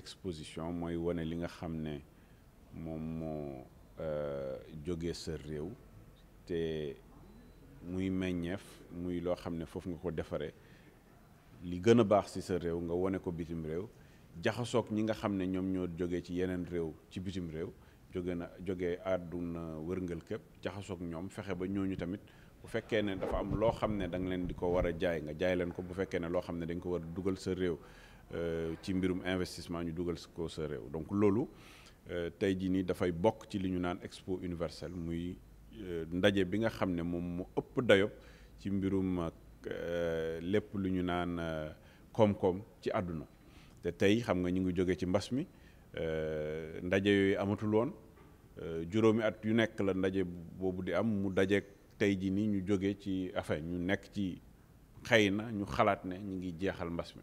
exposition moy woné li nga xamné mom mo euh jóge sa réew te muy meññeef muy lo xamné fofu nga ko défaré li gëna a baax ci sa réew nga woné ko bitim réew jaxassok ñi nga xamné ñom ñoo joggé ci yenen réew ci bitim réew joggé na joggé aduna wërngël képp jaxassok ñom fexé ba ñooñu tamit bu féké né dafa am lo xamné da nga leen diko wara jaay nga jaay leen ko bu féké né lo xamné dañ ko wara duggal sa réew Euh, ci mbirum investissement ñu duggal ko sa réew donc loolu euh, tey jii nii dafay bokk ci li ñu naan expo universel muy euh, ndaje bi nga xam ne moom mu ëpp dayob ci mbirum lépp lu ñu naan koom-koom ci àdduna te tey xam nga ñu ngi jóge ci mbas mi ndaje yooyu amatul woon juróomi at yu nekk la ndaje boobu di am mu dajeeg tey ji ni ñu jóge ci affaire ñu nekk ci xëy na ñu xalaat ne ñu ngi jeexal mbas mi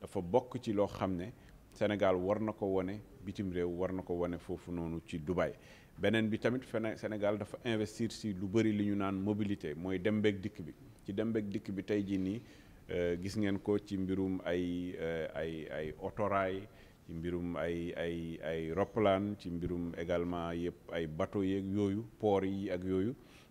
dafa bokk ci loo xam ne Sénégal war na ko wane bitim réew war na ko wane foofu noonu ci dubaay beneen bi tamit fene Sénégal dafa investir si lu bëri li ñu naan mobilité mooy dem dikk bi ci dem dikk bi tey jii nii euh, gis ngeen ko ci mbirum ay euh, ay ay otoraay mbirum ay ay ay roplaan ci mbirum également yëpp ay bateau yeeg yooyu port yi ak yooyu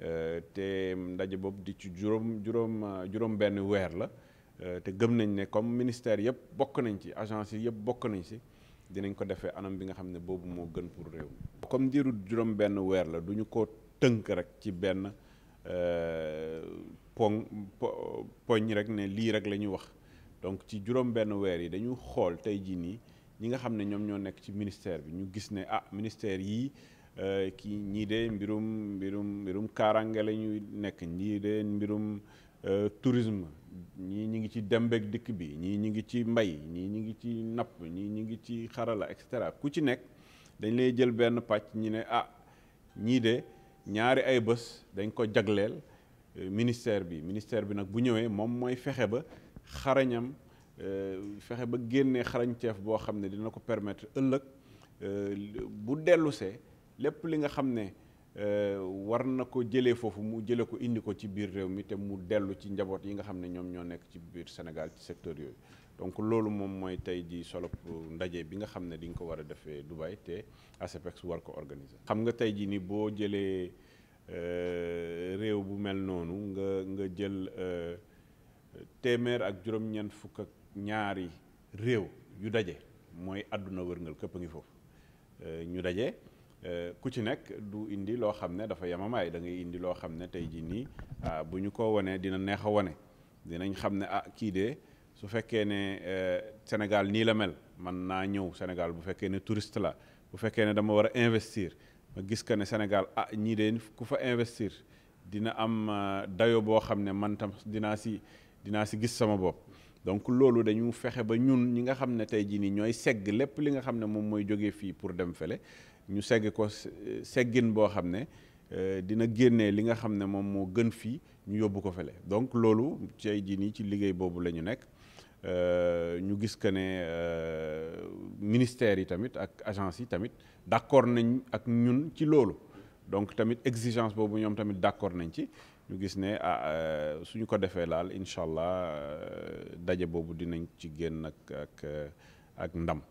Euh, te ndaje boobu di ci juróom juróom juróom benn weer la euh, te gëm nañ ne comme ministère yëpp bokk nañ ci agence yi yëpp bokk nañ ci dinañ ko defee anam bi nga xam ne boobu moo gën pour réew mi comme diiru juróom benn weer la du ñu ko tënk rek ci benn euh, poñ poñ rek ne lii rek la ñuy wax donc ci juróom benn weer yi dañu xool tey jii nii ñi nga xam ne ñoom ñoo nekk ci ministère bi ñu gis ne ah ministère yii Euh, kii ñii de mbirum mbirum mbirum kaaraange la ñuy nekk ñii de mbirum euh, tourisme ñii ñi ngi ci dembeek dikk bi ñii ñi ngi ci mbay ñii ñi ngi ci napp ñii ñi ngi ci xarala et cetera ku ci nekk dañ lay jël benn pàcc ñi ne ah ñii de ñaari ay bés dañ ko jagleel euh, ministère bi ministère bi nag bu ñëwee moom mooy fexe ba xarañam fexe ba génnee xarañteef boo xam ne dina ko permettre ëllëg bu dellusee lépp li nga xam ne euh, war ko jele foofu mu jele ko indi ko ci biir réew mi te mu delu ci njaboot yi nga xam ne ñoom ñoo nekk ci biir Sénégal ci secteur yooyu donc loolu moom mooy tey solo ndaje bi nga xam di nga ko war a te ASEPEX war ko organiser. xam nga tey jii ni jele jëlee euh, réew bu mel noonu nga nga jël euh, téeméer ak juróom-ñeent fukk ak ñaari réew yu daje mooy àdduna wërngal këpp a ngi foofu ñu Euh, ku ci nekk du indi loo xam ne dafa yemamaay da ngay indi loo xam ne tey jii nii ah, bu ñu ko wanee dina neex a wane dinañ xam ne ah kii de su fekkee ne euh, Sénégal nii la mel man naa ñëw Sénégal bu fekkee ne tourist la bu fekkee ne dama war a investir ma gis que ne Sénégal ah ñii de ku fa investir dina am euh, dayo boo xam ne man tam dinaa si dinaa si gis sama bopp donc loolu dañu fexe ba ñun ñi nga xam ne tey jii nii ñooy segg lépp li nga xam ne moom mooy jógee fii pour dem fële ñu ségg ko seggin boo xam ne euh, dina génnee li nga xam ne moom moo gën fii ñu yóbbu ko fële donc loolu tey jii nii ci liggéey boobu la ñu nekk euh, ñu gis que ne euh, ministères yi tamit ak agence yi tamit d'accord nañ ak ñun ci loolu donc tamit exigence boobu ñoom tamit d'accord nañ ci ñu gis ne ah suñu ko defee laal incha allah daje boobu dinañ ci génn ak ak ak ndam